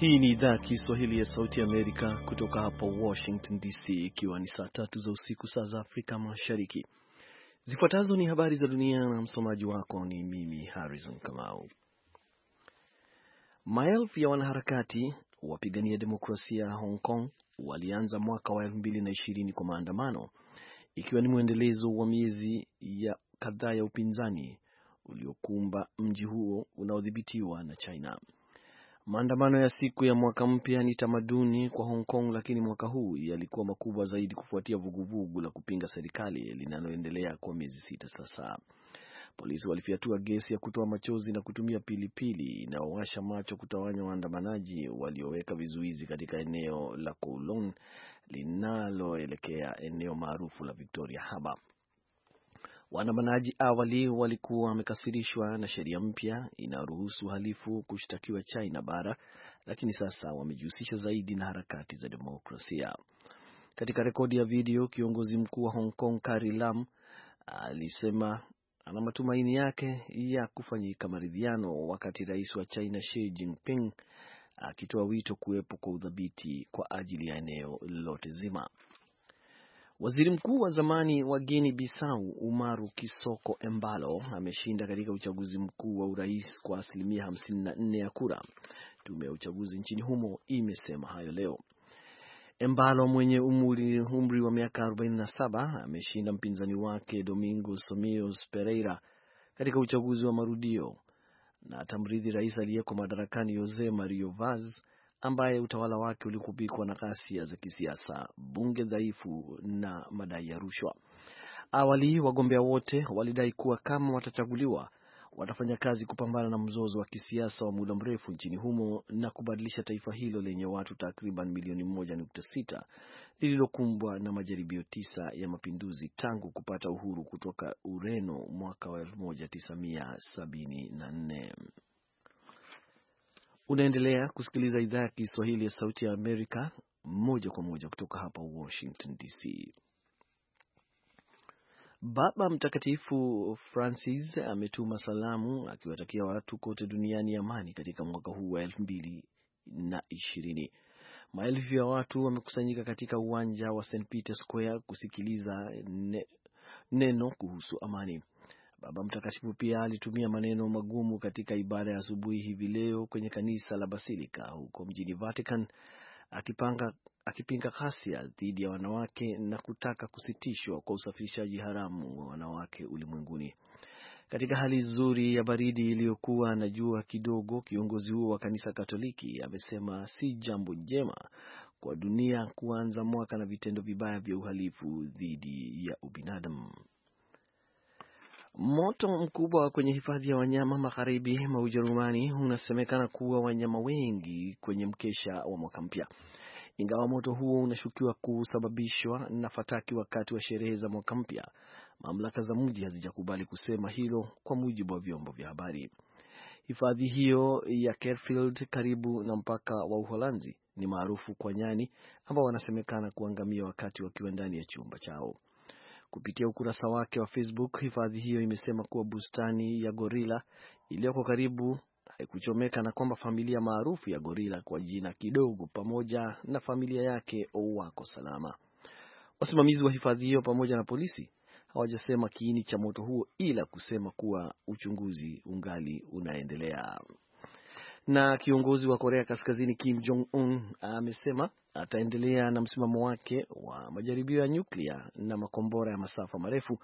Hii ni idhaa ya Kiswahili ya Sauti Amerika kutoka hapa Washington DC, ikiwa ni saa tatu za usiku saa za Afrika Mashariki. Zifuatazo ni habari za dunia na msomaji wako ni mimi Harrison Kamau. Maelfu ya wanaharakati wapigania demokrasia ya Hong Kong walianza mwaka wa 2020 kwa maandamano, ikiwa ni mwendelezo wa miezi ya kadhaa ya upinzani uliokumba mji huo unaodhibitiwa na China. Maandamano ya siku ya mwaka mpya ni tamaduni kwa Hong Kong, lakini mwaka huu yalikuwa makubwa zaidi kufuatia vuguvugu la kupinga serikali linaloendelea kwa miezi sita sasa. Polisi walifyatua gesi ya kutoa machozi na kutumia pilipili inayowasha macho kutawanya waandamanaji walioweka vizuizi katika eneo la Kowloon linaloelekea eneo maarufu la Victoria Harbour. Waandamanaji awali walikuwa wamekasirishwa na sheria mpya inayoruhusu uhalifu kushtakiwa China bara, lakini sasa wamejihusisha zaidi na harakati za demokrasia. Katika rekodi ya video, kiongozi mkuu wa Hong Kong Carrie Lam alisema ana matumaini yake ya kufanyika maridhiano, wakati rais wa China Xi Jinping akitoa wito kuwepo kwa udhabiti kwa ajili ya eneo lote zima. Waziri mkuu wa zamani wa Guinea Bissau Umaru Kisoko Embalo ameshinda katika uchaguzi mkuu wa urais kwa asilimia 54 ya kura. Tume ya uchaguzi nchini humo imesema hayo leo. Embalo mwenye umri, umri wa miaka 47 ameshinda mpinzani wake Domingo Somios Pereira katika uchaguzi wa marudio na atamrithi rais aliyeko madarakani Jose Mario Vaz ambaye utawala wake ulikupikwa na ghasia za kisiasa, bunge dhaifu na madai ya rushwa. Awali wagombea wote walidai kuwa kama watachaguliwa watafanya kazi kupambana na mzozo wa kisiasa wa muda mrefu nchini humo na kubadilisha taifa hilo lenye watu takriban milioni moja nukta sita lililokumbwa na majaribio tisa ya mapinduzi tangu kupata uhuru kutoka Ureno mwaka wa 1974. Unaendelea kusikiliza idhaa ya Kiswahili ya Sauti ya Amerika moja kwa moja kutoka hapa Washington DC. Baba Mtakatifu Francis ametuma salamu akiwatakia watu kote duniani amani katika mwaka huu wa elfu mbili na ishirini. Maelfu ya watu wamekusanyika katika uwanja wa St Peter Square kusikiliza ne, neno kuhusu amani. Baba Mtakatifu pia alitumia maneno magumu katika ibada ya asubuhi hivi leo kwenye kanisa la Basilika huko mjini Vatican, akipanga akipinga ghasia dhidi ya wanawake na kutaka kusitishwa kwa usafirishaji haramu wa wanawake ulimwenguni. Katika hali nzuri ya baridi iliyokuwa na jua kidogo, kiongozi huo wa kanisa Katoliki amesema si jambo njema kwa dunia kuanza mwaka na vitendo vibaya vya uhalifu dhidi ya ubinadamu. Moto mkubwa kwenye hifadhi ya wanyama magharibi mwa Ujerumani unasemekana kuua wanyama wengi kwenye mkesha wa mwaka mpya. Ingawa moto huo unashukiwa kusababishwa na fataki wakati wa sherehe za mwaka mpya, mamlaka za mji hazijakubali kusema hilo, kwa mujibu wa vyombo vya habari. Hifadhi hiyo ya Kerfield karibu na mpaka wa Uholanzi ni maarufu kwa nyani ambao wanasemekana kuangamia wakati wakiwa ndani ya chumba chao. Kupitia ukurasa wake wa Facebook, hifadhi hiyo imesema kuwa bustani ya gorila iliyoko karibu haikuchomeka na kwamba familia maarufu ya gorila kwa jina kidogo pamoja na familia yake wako salama. Wasimamizi wa hifadhi hiyo pamoja na polisi hawajasema kiini cha moto huo ila kusema kuwa uchunguzi ungali unaendelea. Na kiongozi wa Korea Kaskazini Kim Jong Un amesema ataendelea na msimamo wake wa majaribio ya nyuklia na makombora ya masafa marefu,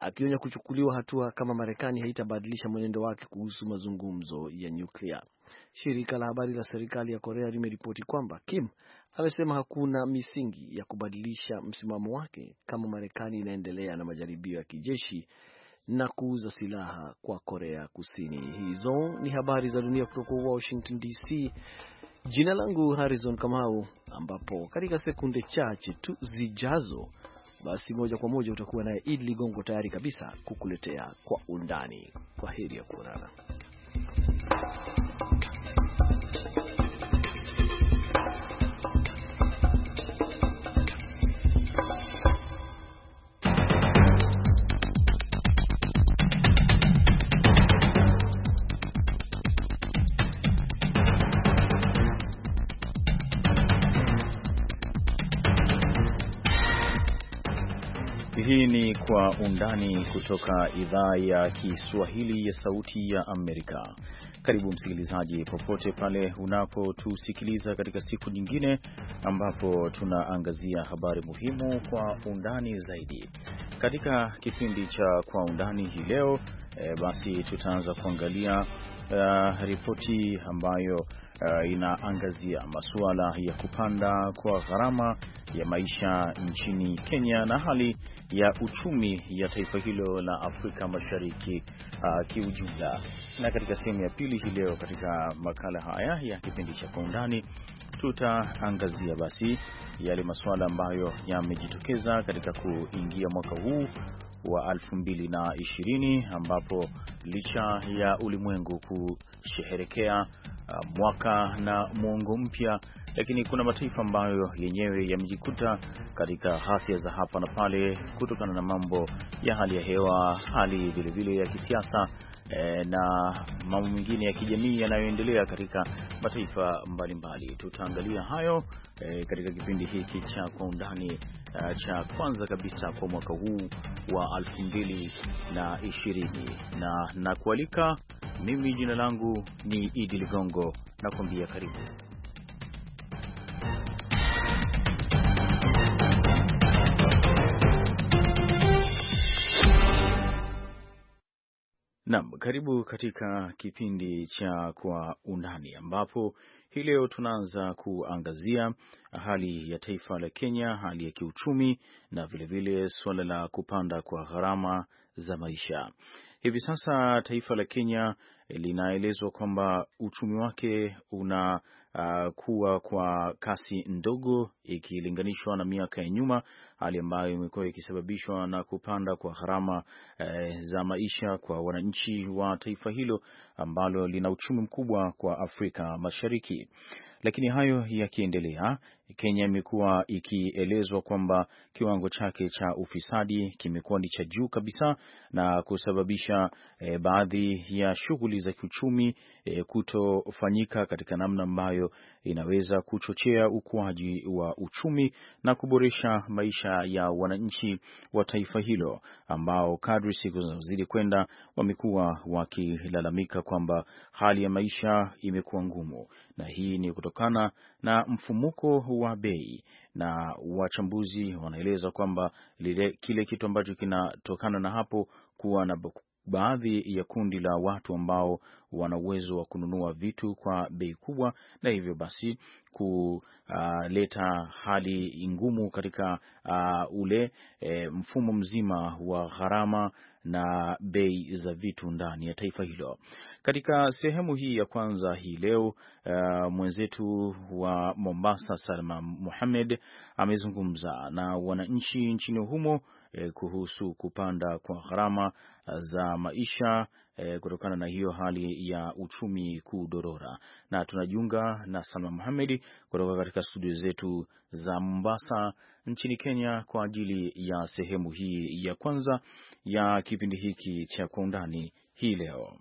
akionya kuchukuliwa hatua kama Marekani haitabadilisha mwenendo wake kuhusu mazungumzo ya nyuklia. Shirika la habari la serikali ya Korea limeripoti kwamba Kim amesema hakuna misingi ya kubadilisha msimamo wake kama Marekani inaendelea na majaribio ya kijeshi na kuuza silaha kwa Korea Kusini. Hizo ni habari za dunia kutoka Washington DC. Jina langu Harrison Kamau, ambapo katika sekunde chache tu zijazo, basi moja kwa moja utakuwa naye Idi Ligongo tayari kabisa kukuletea kwa undani. Kwa heri ya kuonana. Kwa Undani kutoka idhaa ya Kiswahili ya Sauti ya Amerika. Karibu msikilizaji, popote pale unapotusikiliza katika siku nyingine ambapo tunaangazia habari muhimu kwa undani zaidi. Katika kipindi cha Kwa Undani hii leo e, basi tutaanza kuangalia uh, ripoti ambayo uh, inaangazia masuala ya kupanda kwa gharama ya maisha nchini Kenya na hali ya uchumi ya taifa hilo la Afrika Mashariki uh, kiujumla. Na katika sehemu ya pili hii leo katika makala haya ya kipindi cha Kwa Undani tutaangazia basi yale masuala ambayo yamejitokeza katika kuingia mwaka huu wa 2020 ambapo licha ya ulimwengu kusheherekea Uh, mwaka na mwongo mpya, lakini kuna mataifa ambayo yenyewe yamejikuta katika ghasia za hapa na pale kutokana na mambo ya hali ya hewa, hali vilevile ya kisiasa e, na mambo mengine ya kijamii yanayoendelea katika mataifa mbalimbali. Tutaangalia hayo e, katika kipindi hiki cha kwa undani eh, cha kwanza kabisa kwa mwaka huu wa 2020 na na kualika mimi jina langu ni Idi Ligongo, nakwambia karibu. Naam, karibu katika kipindi cha Kwa Undani ambapo hii leo tunaanza kuangazia hali ya taifa la Kenya, hali ya kiuchumi na vilevile suala la kupanda kwa gharama za maisha. Hivi sasa taifa la Kenya eh, linaelezwa kwamba uchumi wake una uh, kwa kasi ndogo ikilinganishwa na miaka ya nyuma, hali ambayo imekuwa ikisababishwa na kupanda kwa gharama uh, za maisha kwa wananchi wa taifa hilo ambalo lina uchumi mkubwa kwa Afrika Mashariki. Lakini hayo yakiendelea, Kenya imekuwa ikielezwa kwamba kiwango chake cha ufisadi kimekuwa ni cha juu kabisa na kusababisha e, baadhi ya shughuli za kiuchumi e, kutofanyika katika namna ambayo inaweza kuchochea ukuaji wa uchumi na kuboresha maisha ya wananchi wa taifa hilo ambao kadri siku zinazozidi kwenda wamekuwa wakilalamika kwamba hali ya maisha imekuwa ngumu, na hii ni kutokana na mfumuko wa bei na wachambuzi wanaeleza kwamba lile, kile kitu ambacho kinatokana na hapo kuwa na baadhi ya kundi la watu ambao wana uwezo wa kununua vitu kwa bei kubwa, na hivyo basi kuleta hali ngumu katika ule e, mfumo mzima wa gharama na bei za vitu ndani ya taifa hilo. Katika sehemu hii ya kwanza hii leo, uh, mwenzetu wa Mombasa Salma Muhamed amezungumza na wananchi nchini humo eh, kuhusu kupanda kwa gharama eh, za maisha eh, kutokana na hiyo hali ya uchumi kudorora. Na tunajiunga na Salma Muhamedi kutoka katika studio zetu za Mombasa nchini Kenya kwa ajili ya sehemu hii ya kwanza ya kipindi hiki cha Kwa Undani hii leo.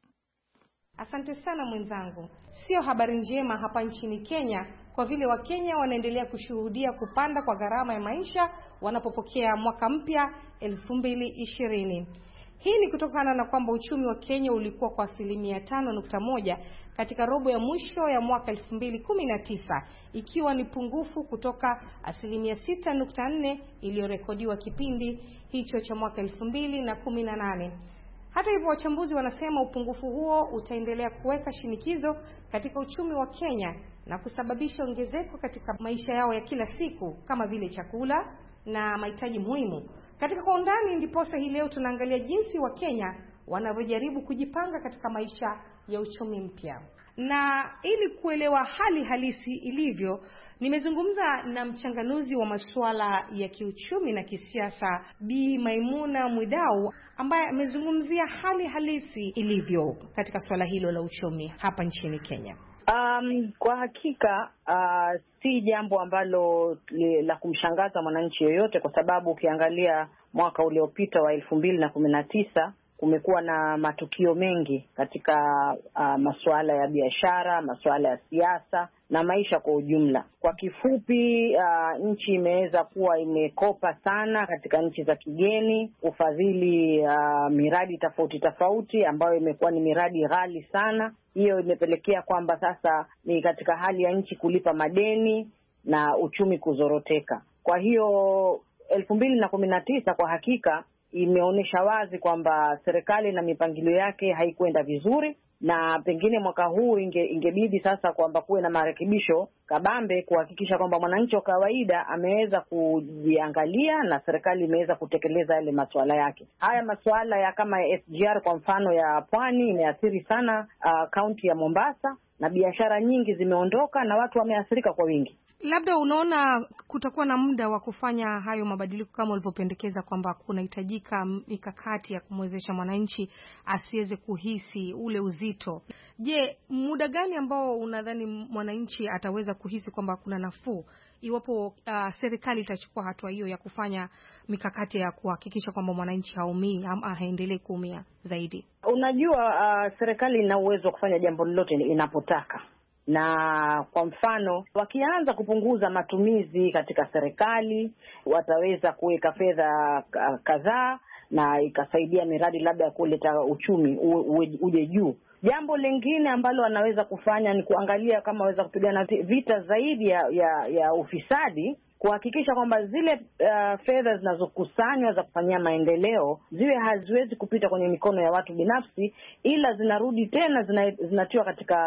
Asante sana mwenzangu. Sio habari njema hapa nchini Kenya kwa vile Wakenya wanaendelea kushuhudia kupanda kwa gharama ya maisha wanapopokea mwaka mpya 2020. Hii ni kutokana na kwamba uchumi wa Kenya ulikuwa kwa asilimia 5.1 katika robo ya mwisho ya mwaka 2019 ikiwa ni pungufu kutoka asilimia 6.4 iliyorekodiwa kipindi hicho cha mwaka 2018. Hata hivyo, wachambuzi wanasema upungufu huo utaendelea kuweka shinikizo katika uchumi wa Kenya na kusababisha ongezeko katika maisha yao ya kila siku kama vile chakula na mahitaji muhimu. Katika Kwa Undani ndiposa hii leo tunaangalia jinsi Wakenya wanavyojaribu kujipanga katika maisha ya uchumi mpya. Na ili kuelewa hali halisi ilivyo, nimezungumza na mchanganuzi wa masuala ya kiuchumi na kisiasa Bi Maimuna Mwidau ambaye amezungumzia hali halisi ilivyo katika suala hilo la uchumi hapa nchini Kenya. Um, kwa hakika uh, si jambo ambalo la kumshangaza mwananchi yoyote, kwa sababu ukiangalia mwaka uliopita wa elfu mbili na kumi na tisa kumekuwa na matukio mengi katika uh, masuala ya biashara, masuala ya siasa na maisha kwa ujumla. Kwa kifupi, uh, nchi imeweza kuwa imekopa sana katika nchi za kigeni kufadhili uh, miradi tofauti tofauti ambayo imekuwa ni miradi ghali sana. Hiyo imepelekea kwamba sasa ni katika hali ya nchi kulipa madeni na uchumi kuzoroteka. Kwa hiyo elfu mbili na kumi na tisa kwa hakika imeonyesha wazi kwamba serikali na mipangilio yake haikwenda vizuri, na pengine mwaka huu inge, ingebidi sasa kwamba kuwe na marekebisho kabambe kuhakikisha kwamba mwananchi wa kawaida ameweza kujiangalia na serikali imeweza kutekeleza yale masuala yake. Haya masuala ya kama SGR kwa mfano ya pwani imeathiri sana ah, kaunti ya Mombasa na biashara nyingi zimeondoka na watu wameathirika kwa wingi labda unaona kutakuwa na muda wa kufanya hayo mabadiliko kama ulivyopendekeza kwamba kunahitajika mikakati ya kumwezesha mwananchi asiweze kuhisi ule uzito. Je, muda gani ambao unadhani mwananchi ataweza kuhisi kwamba kuna nafuu iwapo uh, serikali itachukua hatua hiyo ya kufanya mikakati ya kuhakikisha kwamba mwananchi haumii ama haendelee kuumia zaidi? Unajua, uh, serikali ina uwezo wa kufanya jambo lolote inapotaka na kwa mfano wakianza kupunguza matumizi katika serikali, wataweza kuweka fedha kadhaa na ikasaidia miradi labda ya kuleta uchumi uje juu. Jambo lingine ambalo wanaweza kufanya ni kuangalia kama waweza kupigana vita zaidi ya, ya, ya ufisadi kuhakikisha kwamba zile uh, fedha zinazokusanywa za kufanyia maendeleo ziwe haziwezi kupita kwenye mikono ya watu binafsi, ila zinarudi tena zina, zinatiwa katika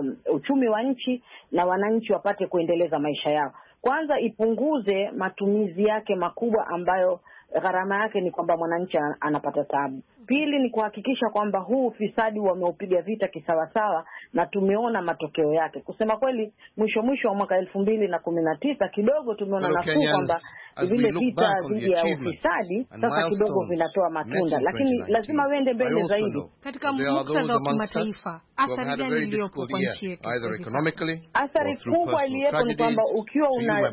um, uchumi wa nchi na wananchi wapate kuendeleza maisha yao. Kwanza ipunguze matumizi yake makubwa ambayo gharama yake ni kwamba mwananchi anapata tabu Pili ni kuhakikisha kwamba huu ufisadi wameupiga vita kisawasawa, na tumeona matokeo yake. Kusema kweli, mwisho mwisho wa mwaka elfu mbili na kumi na tisa kidogo tumeona nafuu kwamba vile vita dhidi ya ufisadi sasa kidogo vinatoa matunda, lakini lazima uende mbele zaidi katika muktadha wa kimataifa. Athari gani iliyopo kwa nchi yetu? Athari kubwa iliyopo ni kwamba ukiwa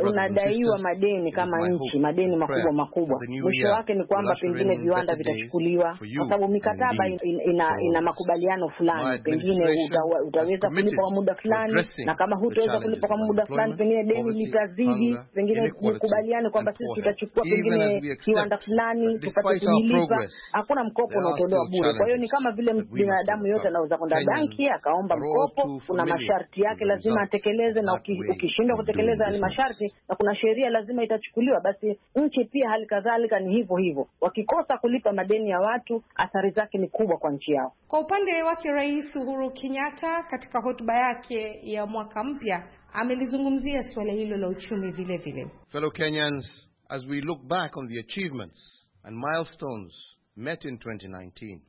unadaiwa una madeni kama nchi, madeni makubwa makubwa, mwisho wake ni kwamba pengine viwanda vitachukuliwa, kwa sababu mikataba ina, ina, ina makubaliano fulani, pengine utaweza kulipa kwa muda fulani, na kama hutaweza kulipa kwa muda fulani, pengine deni litazidi, pengine mkubaliane kwamba kwamba sisi tutachukua pengine kiwanda fulani tupate kumilipa. Hakuna mkopo unaotolewa bure, kwa hiyo ni kama vile binadamu yote anaweza kwenda banki akaomba mkopo, kuna masharti yake lazima atekeleze, na ukishindwa kutekeleza yale masharti na kuna sheria lazima itachukuliwa. Basi nchi pia hali kadhalika ni hivyo hivyo, wakikosa kulipa madeni ya watu, athari zake ni kubwa kwa nchi yao. Kwa upande wake, Rais Uhuru Kenyatta katika hotuba yake ya mwaka mpya amelizungumzia suala hilo la uchumi vile vile. Fellow Kenyans, as we look back on the achievements and milestones met in 2019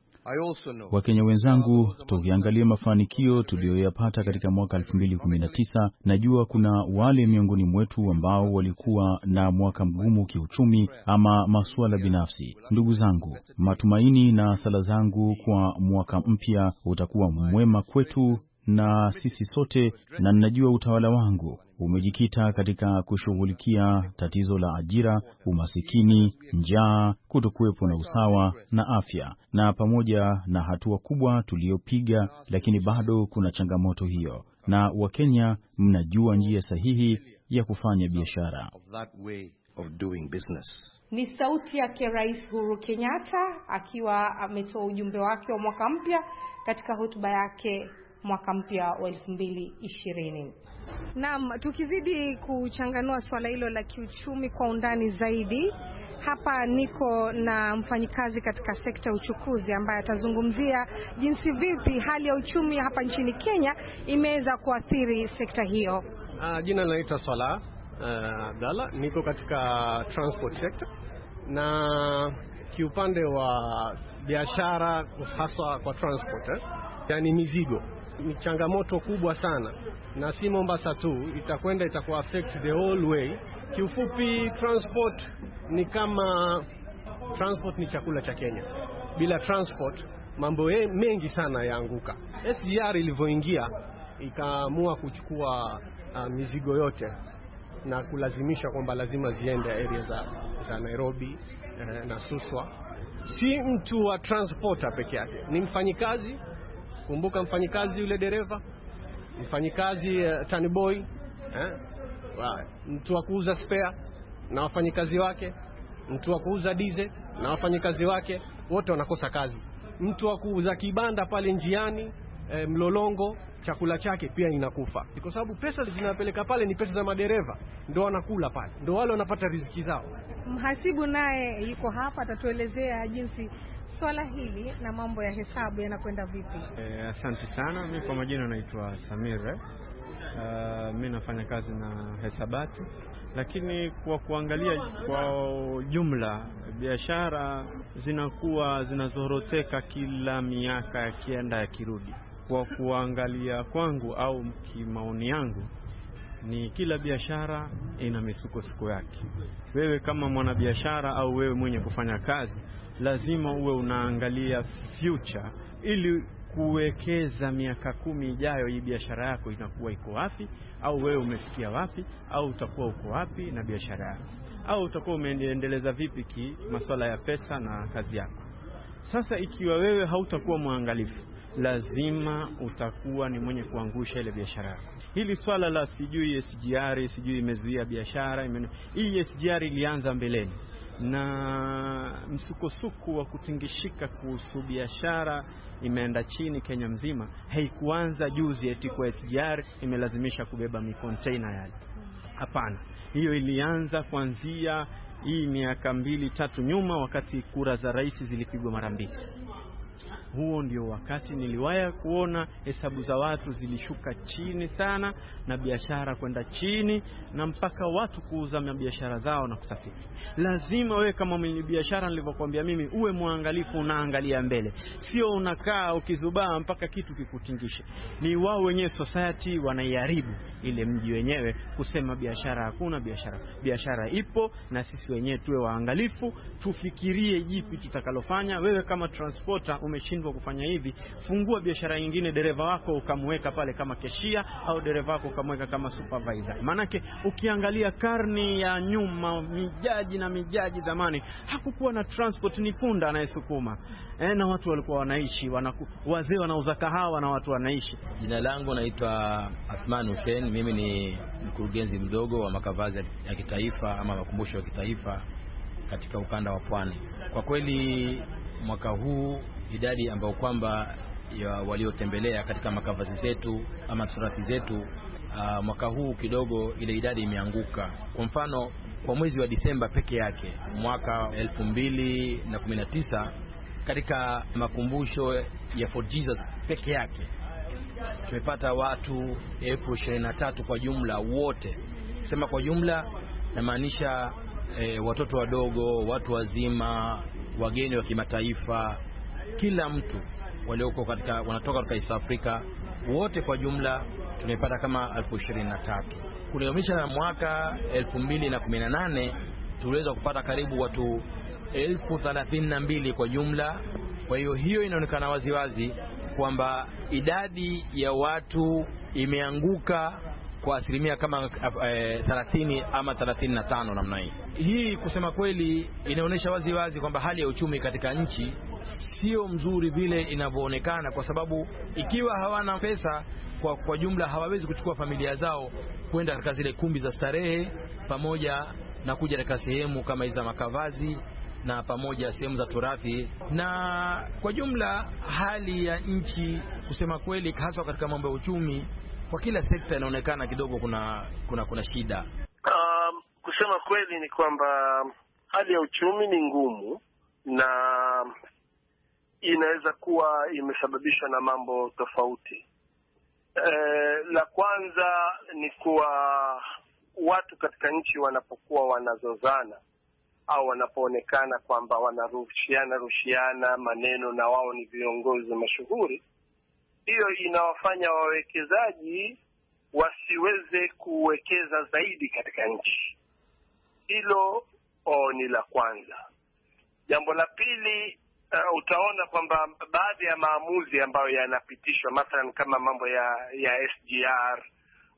Wakenya wenzangu, tukiangalia mafanikio tuliyoyapata katika mwaka 2019, najua kuna wale miongoni mwetu ambao walikuwa na mwaka mgumu kiuchumi ama masuala binafsi. Ndugu zangu, matumaini na sala zangu kwa mwaka mpya utakuwa mwema kwetu na sisi sote, na ninajua utawala wangu umejikita katika kushughulikia tatizo la ajira, umasikini, njaa, kutokuwepo na usawa na afya, na pamoja na hatua kubwa tuliyopiga, lakini bado kuna changamoto hiyo, na Wakenya mnajua njia sahihi ya kufanya biashara. Of doing business. Ni sauti yake Rais Uhuru Kenyatta akiwa ametoa ujumbe wake wa mwaka mpya katika hotuba yake mwaka mpya wa 2020. Naam, tukizidi kuchanganua swala hilo la kiuchumi kwa undani zaidi, hapa niko na mfanyikazi katika sekta ya uchukuzi ambaye atazungumzia jinsi vipi hali ya uchumi hapa nchini Kenya imeweza kuathiri sekta hiyo. Uh, jina linaitwa Swala uh, niko katika transport sector na kiupande wa biashara haswa kwa transport eh, yani mizigo ni changamoto kubwa sana, na si Mombasa tu, itakwenda itakuwa affect the whole way. Kiufupi, transport ni kama transport ni chakula cha Kenya. Bila transport mambo mengi sana yaanguka. SGR ilivyoingia ikaamua kuchukua uh, mizigo yote na kulazimisha kwamba lazima ziende area za, za Nairobi eh, na Suswa. Si mtu wa transporter peke yake, ni mfanyikazi Kumbuka mfanyikazi yule dereva, mfanyikazi uh, taniboi eh? eh? Wow. Mtu wa kuuza spare na wafanyikazi wake, mtu wa kuuza dize na wafanyikazi wake wote wanakosa kazi, mtu wa kuuza kibanda pale njiani eh, mlolongo chakula chake pia inakufa, kwa sababu pesa zinapeleka pale ni pesa za madereva, ndo wanakula pale, ndo wale wanapata riziki zao. Mhasibu naye yuko hapa, atatuelezea jinsi Swala hili na mambo ya hesabu yanakwenda vipi? E, asante sana. Mi kwa majina naitwa Samir. Uh, mi nafanya kazi na hesabati, lakini kwa kuangalia kwa jumla biashara zinakuwa zinazoroteka kila miaka yakienda yakirudi. Kwa kuangalia kwangu au kimaoni yangu ni kila biashara ina misukosuko yake. Wewe kama mwanabiashara au wewe mwenye kufanya kazi lazima uwe unaangalia future ili kuwekeza miaka kumi ijayo, hii biashara yako inakuwa iko wapi, au wewe umefikia wapi, au utakuwa uko wapi na biashara yako, au utakuwa umeendeleza vipi ki masuala ya pesa na kazi yako. Sasa ikiwa wewe hautakuwa mwangalifu, lazima utakuwa ni mwenye kuangusha ile biashara yako. Hili swala la sijui SGR sijui imezuia biashara, hii SGR ilianza mbeleni na msukosuko wa kutingishika kuhusu biashara imeenda chini Kenya mzima. Haikuanza juzi eti kwa SGR imelazimisha kubeba mikonteina yale, hapana. Hiyo ilianza kuanzia hii miaka mbili tatu nyuma, wakati kura za rais zilipigwa mara mbili. Huo ndio wakati niliwaya kuona hesabu za watu zilishuka chini sana, na biashara kwenda chini, na mpaka watu kuuza biashara zao na kusafiri. Lazima wewe kama mwenye biashara, nilivyokuambia mimi, uwe mwangalifu, unaangalia mbele, sio unakaa ukizubaa mpaka kitu kikutingishe. Ni wao wenyewe society wanaiharibu ile mji wenyewe, kusema biashara hakuna biashara. Biashara ipo, na sisi wenyewe tuwe waangalifu, tufikirie jipi tutakalofanya. Wewe kama transporter umeshinda umeshindwa kufanya hivi, fungua biashara nyingine, dereva wako ukamweka pale kama keshia au dereva wako ukamweka kama supervisor. Maanake ukiangalia karni ya nyuma, mijaji na mijaji zamani, hakukuwa na transport, ni punda anayesukuma e, na watu walikuwa wanaishi wanaku, wazee wanauza kahawa na watu wanaishi. Jina langu naitwa Athman Hussein, mimi ni mkurugenzi mdogo wa makavazi ya kitaifa ama makumbusho ya kitaifa katika ukanda wa Pwani. Kwa kweli mwaka huu idadi ambayo kwamba waliotembelea katika makavazi zetu ama surati zetu aa, ah, mwaka huu kidogo ile idadi imeanguka. Kwa mfano, kwa mwezi wa Disemba peke yake mwaka 2019 katika makumbusho ya Fort Jesus peke yake tumepata watu elfu 23 kwa jumla wote. Sema kwa jumla namaanisha e, watoto wadogo, watu wazima, wageni wa kimataifa kila mtu walioko katika, wanatoka katika East Africa wote kwa jumla tumepata kama elfu ishirini na tatu kuliamisha na mwaka 2018 tuliweza kupata karibu watu elfu thelathini na mbili kwa jumla. Kwa hiyo hiyo inaonekana waziwazi kwamba idadi ya watu imeanguka kwa asilimia kama eh, 30 ama 35 namna hii. Hii kusema kweli inaonyesha wazi wazi kwamba hali ya uchumi katika nchi sio mzuri vile inavyoonekana, kwa sababu ikiwa hawana pesa kwa, kwa jumla hawawezi kuchukua familia zao kwenda katika zile kumbi za starehe pamoja na kuja katika sehemu kama hizi za makavazi na pamoja sehemu za turafi. Na kwa jumla hali ya nchi kusema kweli, hasa katika mambo ya uchumi kwa kila sekta inaonekana kidogo kuna kuna kuna shida. Um, kusema kweli ni kwamba hali ya uchumi ni ngumu na inaweza kuwa imesababishwa na mambo tofauti. E, la kwanza ni kuwa watu katika nchi wanapokuwa wanazozana au wanapoonekana kwamba wanarushiana rushiana maneno na wao ni viongozi mashuhuri, hiyo inawafanya wawekezaji wasiweze kuwekeza zaidi katika nchi. Hilo ni la kwanza. Jambo la pili, uh, utaona kwamba baadhi ya maamuzi ambayo yanapitishwa, mathalan kama mambo ya ya SGR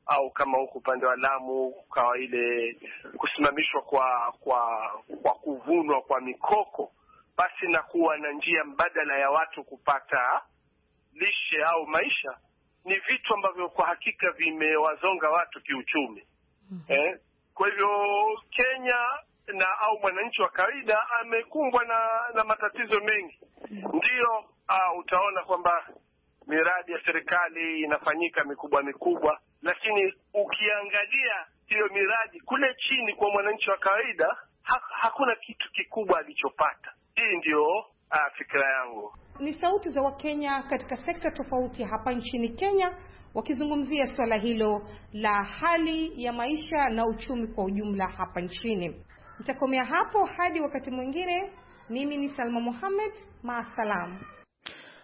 au kama huku upande wa Lamu ukawa ile kusimamishwa kwa kwa kwa kuvunwa kwa mikoko, basi na kuwa na njia mbadala ya watu kupata lishe au maisha ni vitu ambavyo kwa hakika vimewazonga watu kiuchumi. mm -hmm. Eh, kwa hivyo Kenya na au mwananchi wa kawaida amekumbwa na na matatizo mengi. Mhm. ndio Ndiyo, ah, utaona kwamba miradi ya serikali inafanyika mikubwa mikubwa, lakini ukiangalia hiyo miradi kule chini kwa mwananchi wa kawaida ha, hakuna kitu kikubwa alichopata. Hii ndio Ah, fikira yangu ni sauti za Wakenya katika sekta tofauti hapa nchini Kenya wakizungumzia suala hilo la hali ya maisha na uchumi kwa ujumla hapa nchini. Nitakomea hapo hadi wakati mwingine. Mimi ni Salma Mohamed, maasalam.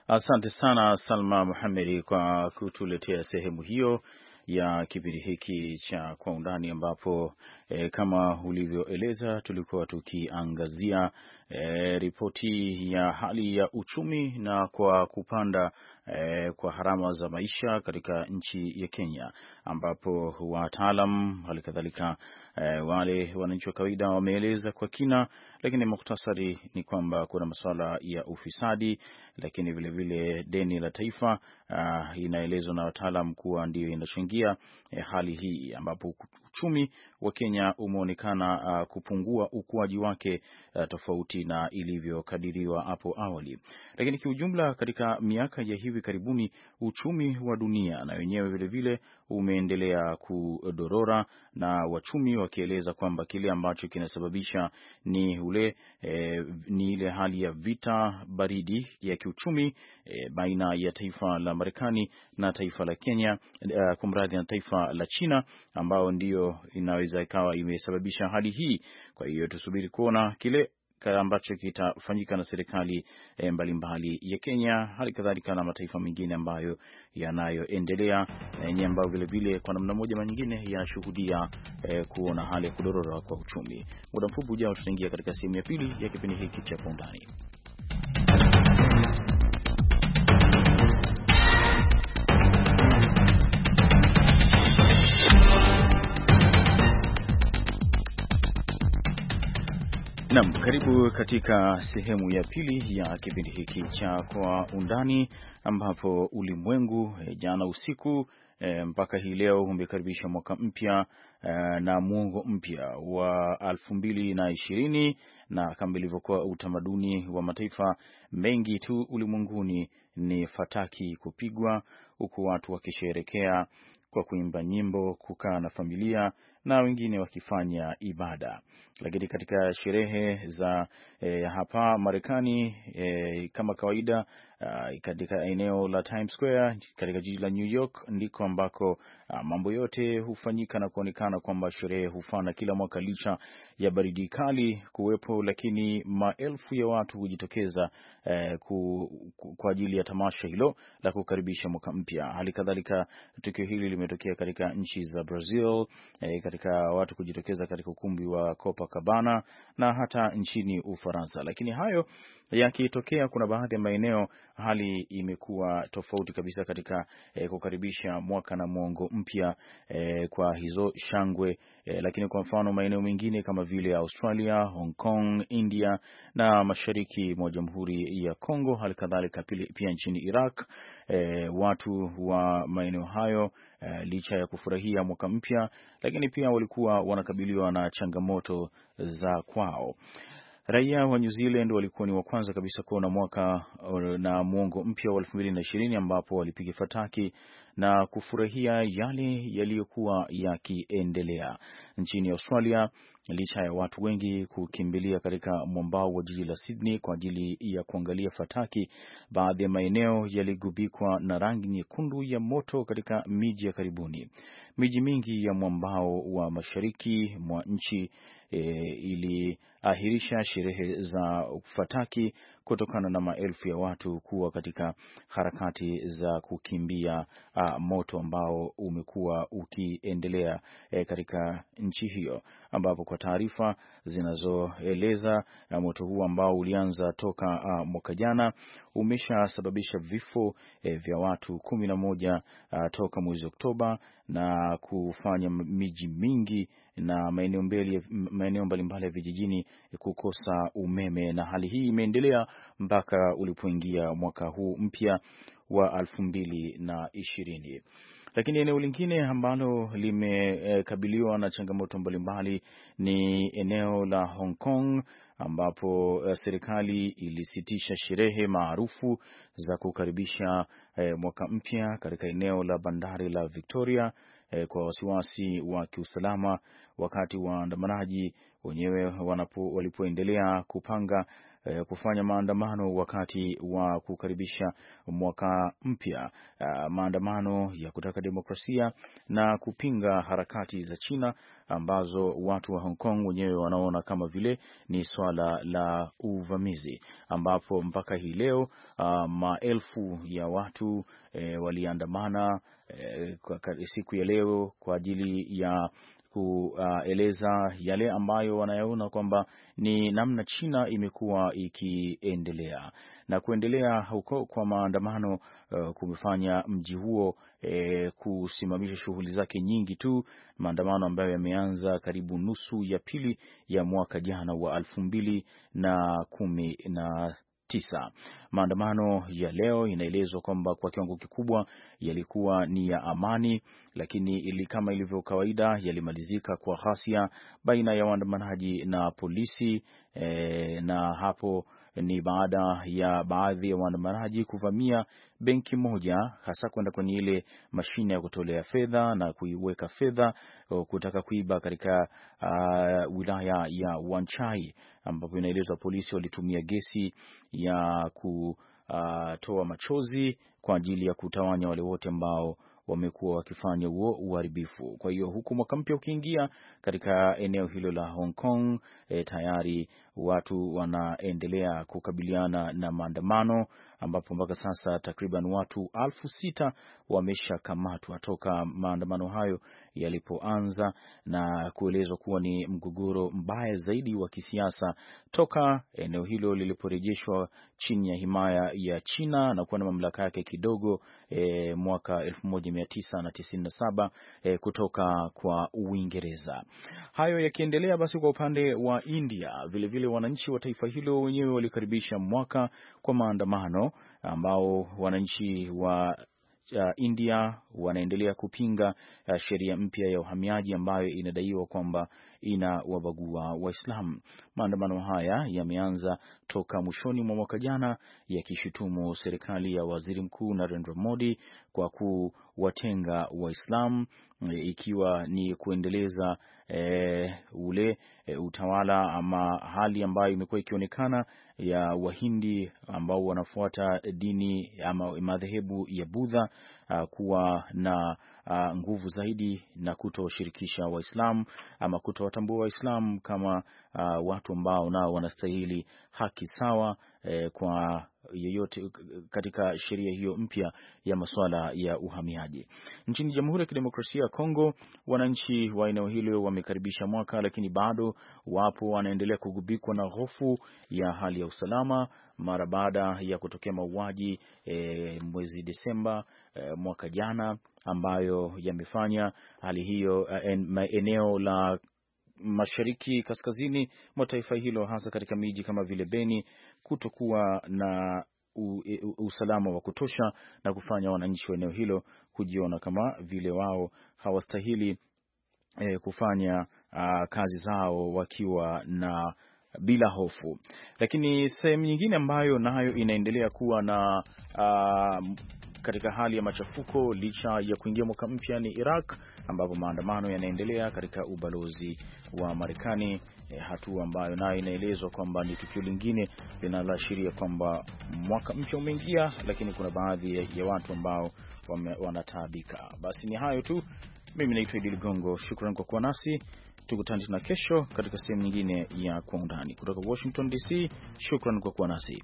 Asante sana Salma Muhamedi kwa kutuletea sehemu hiyo ya kipindi hiki cha Kwa Undani, ambapo e, kama ulivyoeleza tulikuwa tukiangazia e, ripoti ya hali ya uchumi na kwa kupanda e, kwa gharama za maisha katika nchi ya Kenya, ambapo wataalam halikadhalika e, eh, wale wananchi wa kawaida wameeleza kwa kina, lakini muktasari ni kwamba kuna masuala ya ufisadi, lakini vilevile vile deni la taifa ah, inaelezwa na wataalam kuwa ndio inachangia e, hali hii, ambapo uchumi wa Kenya umeonekana ah, kupungua ukuaji wake a, ah, tofauti na ilivyokadiriwa hapo awali, lakini kiujumla, katika miaka ya hivi karibuni uchumi wa dunia na wenyewe vilevile umeendelea kudorora na wachumi wakieleza kwamba kile ambacho kinasababisha ni ule e, ni ile hali ya vita baridi ya kiuchumi e, baina ya taifa la Marekani na taifa la Kenya e, kumradhi na taifa la China ambao ndiyo inaweza ikawa imesababisha hali hii. Kwa hiyo tusubiri kuona kile ambacho kitafanyika na serikali eh, mbalimbali mbali ya Kenya, hali kadhalika na mataifa mengine ambayo yanayoendelea na eh, yenye ambayo vilevile kwa namna moja ama nyingine yanashuhudia eh, kuona hali ya kudorora kwa uchumi. Muda mfupi ujao, tutaingia katika sehemu ya pili ya kipindi hiki cha Kwa Undani. Naam, karibu katika sehemu ya pili ya kipindi hiki cha Kwa Undani, ambapo ulimwengu eh, jana usiku e, mpaka hii leo umekaribisha mwaka mpya e, na mwongo mpya wa elfu mbili na ishirini na kama ilivyokuwa utamaduni wa mataifa mengi tu ulimwenguni ni fataki kupigwa, huku watu wakisherekea kwa kuimba nyimbo, kukaa na familia na wengine wakifanya ibada. Lakini katika sherehe za e, hapa Marekani e, kama kawaida a, ah, katika eneo la Times Square katika jiji la New York ndiko ambako a, ah, mambo yote hufanyika na kuonekana kwamba sherehe hufana kila mwaka licha ya baridi kali kuwepo, lakini maelfu ya watu hujitokeza e, ku, ku, kwa ajili ya tamasha hilo la kukaribisha mwaka mpya. Hali kadhalika tukio hili limetokea katika nchi za Brazil e, katika watu kujitokeza katika ukumbi wa Copacabana na hata nchini Ufaransa. Lakini hayo yakitokea, kuna baadhi ya maeneo hali imekuwa tofauti kabisa katika eh, kukaribisha mwaka na mwongo mpya eh, kwa hizo shangwe eh, lakini kwa mfano maeneo mengine kama vile Australia, Hong Kong, India na mashariki mwa Jamhuri ya Kongo, halikadhalika pia nchini Iraq eh, watu wa maeneo hayo Eh, licha ya kufurahia mwaka mpya, lakini pia walikuwa wanakabiliwa na changamoto za kwao. Raia wa New Zealand walikuwa ni wa kwanza kabisa kuona mwaka eh, na mwongo mpya wa elfu mbili na ishirini ambapo walipiga fataki na kufurahia yale yaliyokuwa yakiendelea nchini Australia licha ya watu wengi kukimbilia katika mwambao wa jiji la Sydney kwa ajili ya kuangalia fataki, baadhi ya maeneo yaligubikwa na rangi nyekundu ya moto katika miji ya karibuni. Miji mingi ya mwambao wa mashariki mwa nchi e, iliahirisha sherehe za fataki kutokana na maelfu ya watu kuwa katika harakati za kukimbia a, moto ambao umekuwa ukiendelea e, katika nchi hiyo, ambapo kwa taarifa zinazoeleza moto huu ambao ulianza toka a, mwaka jana umeshasababisha vifo e, vya watu kumi na moja a, toka mwezi Oktoba na kufanya miji mingi na maeneo mbalimbali ya vijijini kukosa umeme, na hali hii imeendelea mpaka ulipoingia mwaka huu mpya wa elfu mbili na ishirini. Lakini eneo lingine ambalo limekabiliwa na changamoto mbalimbali ni eneo la Hong Kong ambapo eh, serikali ilisitisha sherehe maarufu za kukaribisha eh, mwaka mpya katika eneo la bandari la Victoria eh, kwa wasiwasi wa kiusalama wakati waandamanaji wenyewe walipoendelea kupanga eh, kufanya maandamano wakati wa kukaribisha mwaka mpya, ah, maandamano ya kutaka demokrasia na kupinga harakati za China ambazo watu wa Hong Kong wenyewe wanaona kama vile ni swala la uvamizi, ambapo mpaka hii leo uh, maelfu ya watu eh, waliandamana eh, siku ya leo kwa ajili ya kueleza yale ambayo wanayaona kwamba ni namna China imekuwa ikiendelea na kuendelea huko kwa maandamano uh, kumefanya mji huo e, kusimamisha shughuli zake nyingi tu, maandamano ambayo yameanza karibu nusu ya pili ya mwaka jana wa elfu mbili na kumi na tisa. Maandamano ya leo inaelezwa kwamba kwa kiwango kikubwa yalikuwa ni ya amani, lakini ili kama ilivyo kawaida yalimalizika kwa ghasia baina ya waandamanaji na polisi e, na hapo ni baada ya baadhi ya waandamanaji kuvamia benki moja, hasa kwenda kwenye ile mashine ya kutolea fedha na kuiweka fedha, kutaka kuiba katika uh, wilaya ya Wanchai, ambapo inaelezwa polisi walitumia gesi ya kutoa machozi kwa ajili ya kutawanya wale wote ambao wamekuwa wakifanya huo uharibifu. Kwa hiyo huku mwaka mpya ukiingia katika eneo hilo la Hong Kong e, tayari watu wanaendelea kukabiliana na maandamano ambapo mpaka sasa takriban watu alfu sita wameshakamatwa toka maandamano hayo yalipoanza, na kuelezwa kuwa ni mgogoro mbaya zaidi wa kisiasa toka eneo hilo liliporejeshwa chini ya himaya ya China na kuwa na mamlaka yake kidogo e, mwaka 1997 e, kutoka kwa Uingereza. Hayo yakiendelea, basi kwa upande wa India. Vilevile wananchi wa taifa hilo wenyewe walikaribisha mwaka kwa maandamano ambao wananchi wa uh, India wanaendelea kupinga uh, sheria mpya ya uhamiaji ambayo inadaiwa kwamba ina wabagua Waislamu. Maandamano haya yameanza toka mwishoni mwa mwaka jana, yakishutumu serikali ya Waziri Mkuu Narendra Modi kwa kuwatenga Waislamu, eh, ikiwa ni kuendeleza e, ule e, utawala ama hali ambayo imekuwa ikionekana ya Wahindi ambao wanafuata dini ama madhehebu ya Budha a, kuwa na a, nguvu zaidi na kutoshirikisha Waislamu ama kutowatambua Waislamu kama a, watu ambao nao wanastahili haki sawa e, kwa yeyote katika sheria hiyo mpya ya masuala ya uhamiaji. Nchini Jamhuri ya Kidemokrasia ya Kongo, wananchi wa eneo hilo wame umekaribisha mwaka, lakini bado wapo wanaendelea kugubikwa na hofu ya hali ya usalama mara baada ya kutokea mauaji e, mwezi Desemba e, mwaka jana ambayo yamefanya hali hiyo e, en, eneo la mashariki kaskazini mwa taifa hilo hasa katika miji kama vile Beni kutokuwa na u, e, u, usalama wa kutosha na kufanya wananchi wa eneo hilo kujiona kama vile wao hawastahili e, kufanya a, ah, kazi zao wakiwa na bila hofu. Lakini sehemu nyingine ambayo nayo inaendelea kuwa na a, ah, katika hali ya machafuko licha ya kuingia mwaka mpya ni Iraq, ambapo maandamano yanaendelea katika ubalozi wa Marekani, e, hatua ambayo nayo inaelezwa kwamba ni tukio lingine linaloashiria kwamba mwaka mpya umeingia, lakini kuna baadhi ya watu ambao wanataabika. Basi ni hayo tu mimi naitwa Idi Ligongo, shukrani kwa kuwa nasi. Tukutane tena kesho katika sehemu nyingine ya Kwa Undani kutoka Washington DC. Shukrani kwa kuwa nasi.